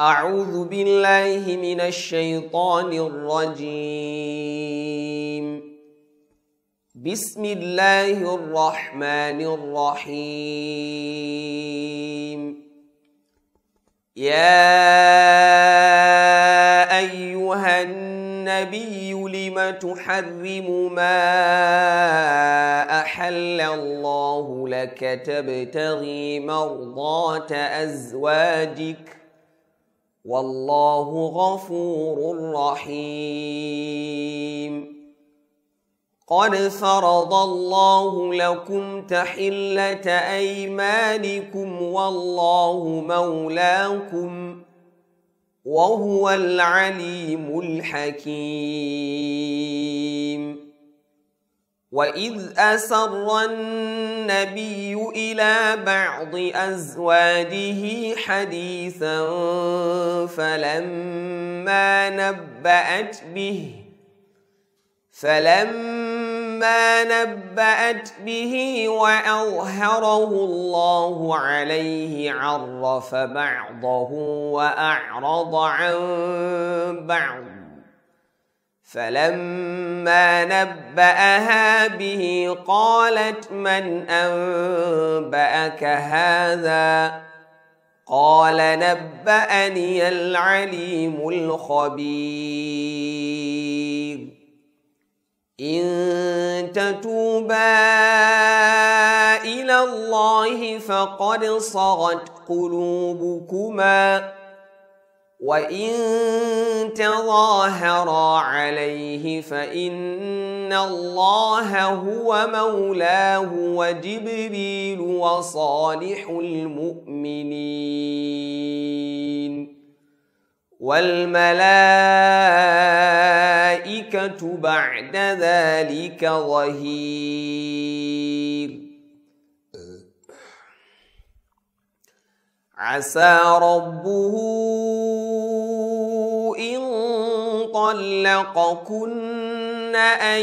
أعوذ بالله من الشيطان الرجيم بسم الله الرحمن الرحيم يا أيها النبي لم تحرم ما أحل الله لك تبتغي مرضات أزواجك والله غفور رحيم قد فرض الله لكم تحلة أيمانكم والله مولاكم وهو العليم الحكيم وإذ أسر النبي إلى بعض أزواجه حديثا فلما نبأت به فلما نبأت به وأظهره الله عليه عرف بعضه وأعرض عن بعض فلما نبأها به قالت من أنبأك هذا قال نبأني العليم الخبير إن تتوبا إلى الله فقد صغت قلوبكما وإن تظاهرا عليه فإن الله هو مولاه وجبريل وصالح المؤمنين والملائكة بعد ذلك ظهير عسى ربه طلقكن أن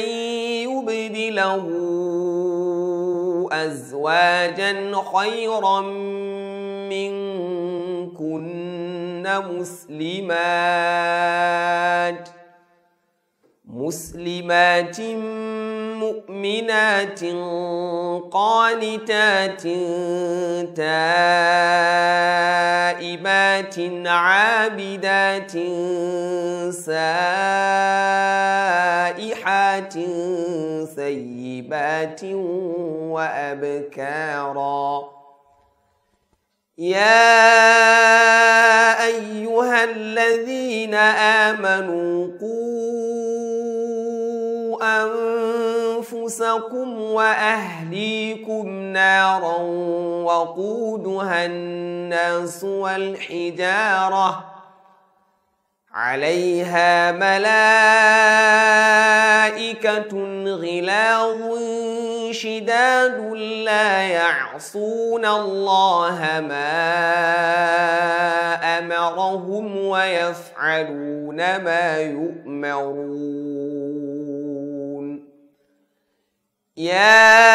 يبدله أزواجا خيرا منكن مسلمات مسلمات مؤمنات قانتات تائبات عابدات سائحات سيبات وأبكارا يا أيها الذين آمنوا قوا أنفسكم وأهليكم نارا وقودها الناس والحجاره عليها ملائكة غلاظ شداد لا يعصون الله ما أمرهم ويفعلون ما يؤمرون يا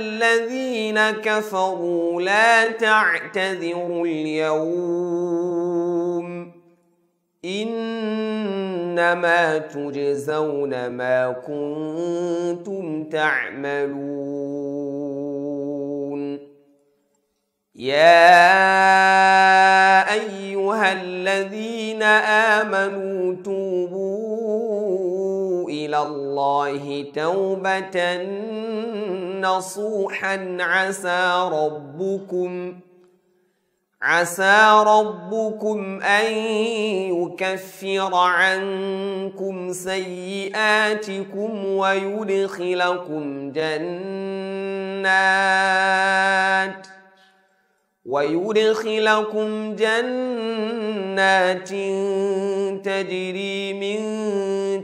الذين كفروا لا تعتذروا اليوم إنما تجزون ما كنتم تعملون يا أيها الذين آمنوا توبوا إلى الله توبة نصوحا عسى ربكم عسى ربكم أن يكفر عنكم سيئاتكم ويدخلكم جنات ۖ ويدخلكم جنات تجري من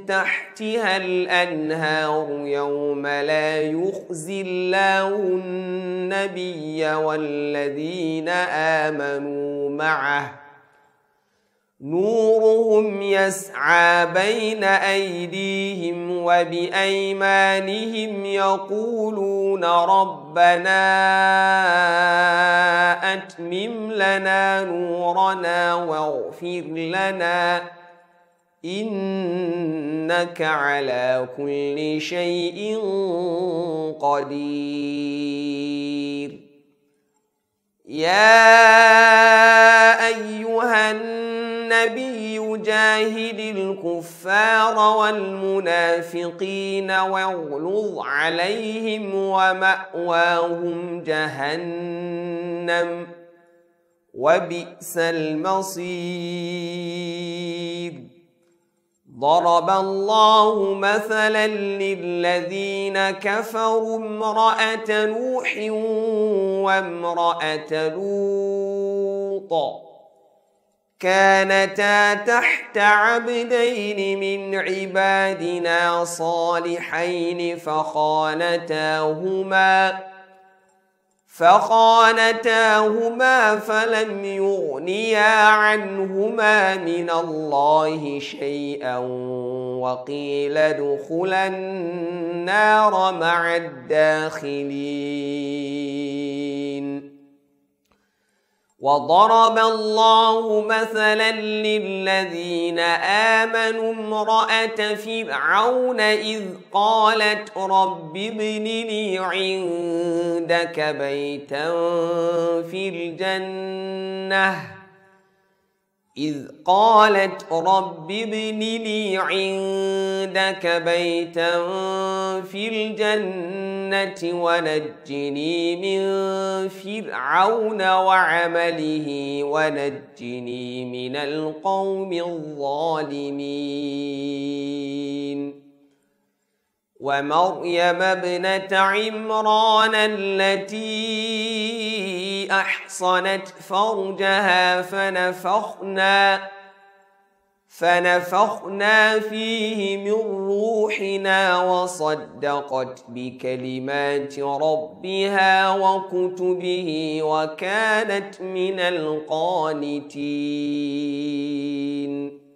تحتها الأنهار يوم لا يخزي الله النبي والذين آمنوا معه نورهم يسعى بين أيديهم وبأيمانهم يقولون ربنا أتمم لنا نورنا واغفر لنا إنك على كل شيء قدير يا أيها الناس النبي جاهد الكفار والمنافقين واغلظ عليهم ومأواهم جهنم وبئس المصير ضرب الله مثلا للذين كفروا امرأة نوح وامرأة لوط كانتا تحت عبدين من عبادنا صالحين فخانتاهما فخانتاهما فلم يغنيا عنهما من الله شيئا وقيل ادخلا النار مع الداخلين وضرب الله مثلا للذين آمنوا امرأة فرعون إذ قالت رب ابن لي عندك بيتا في الجنة إذ قالت رب ابن لي عندك بيتا في الجنة ونجني من فرعون وعمله ونجني من القوم الظالمين ومريم ابنة عمران التي أحصنت فرجها فنفخنا فنفخنا فيه من روحنا وصدقت بكلمات ربها وكتبه وكانت من القانتين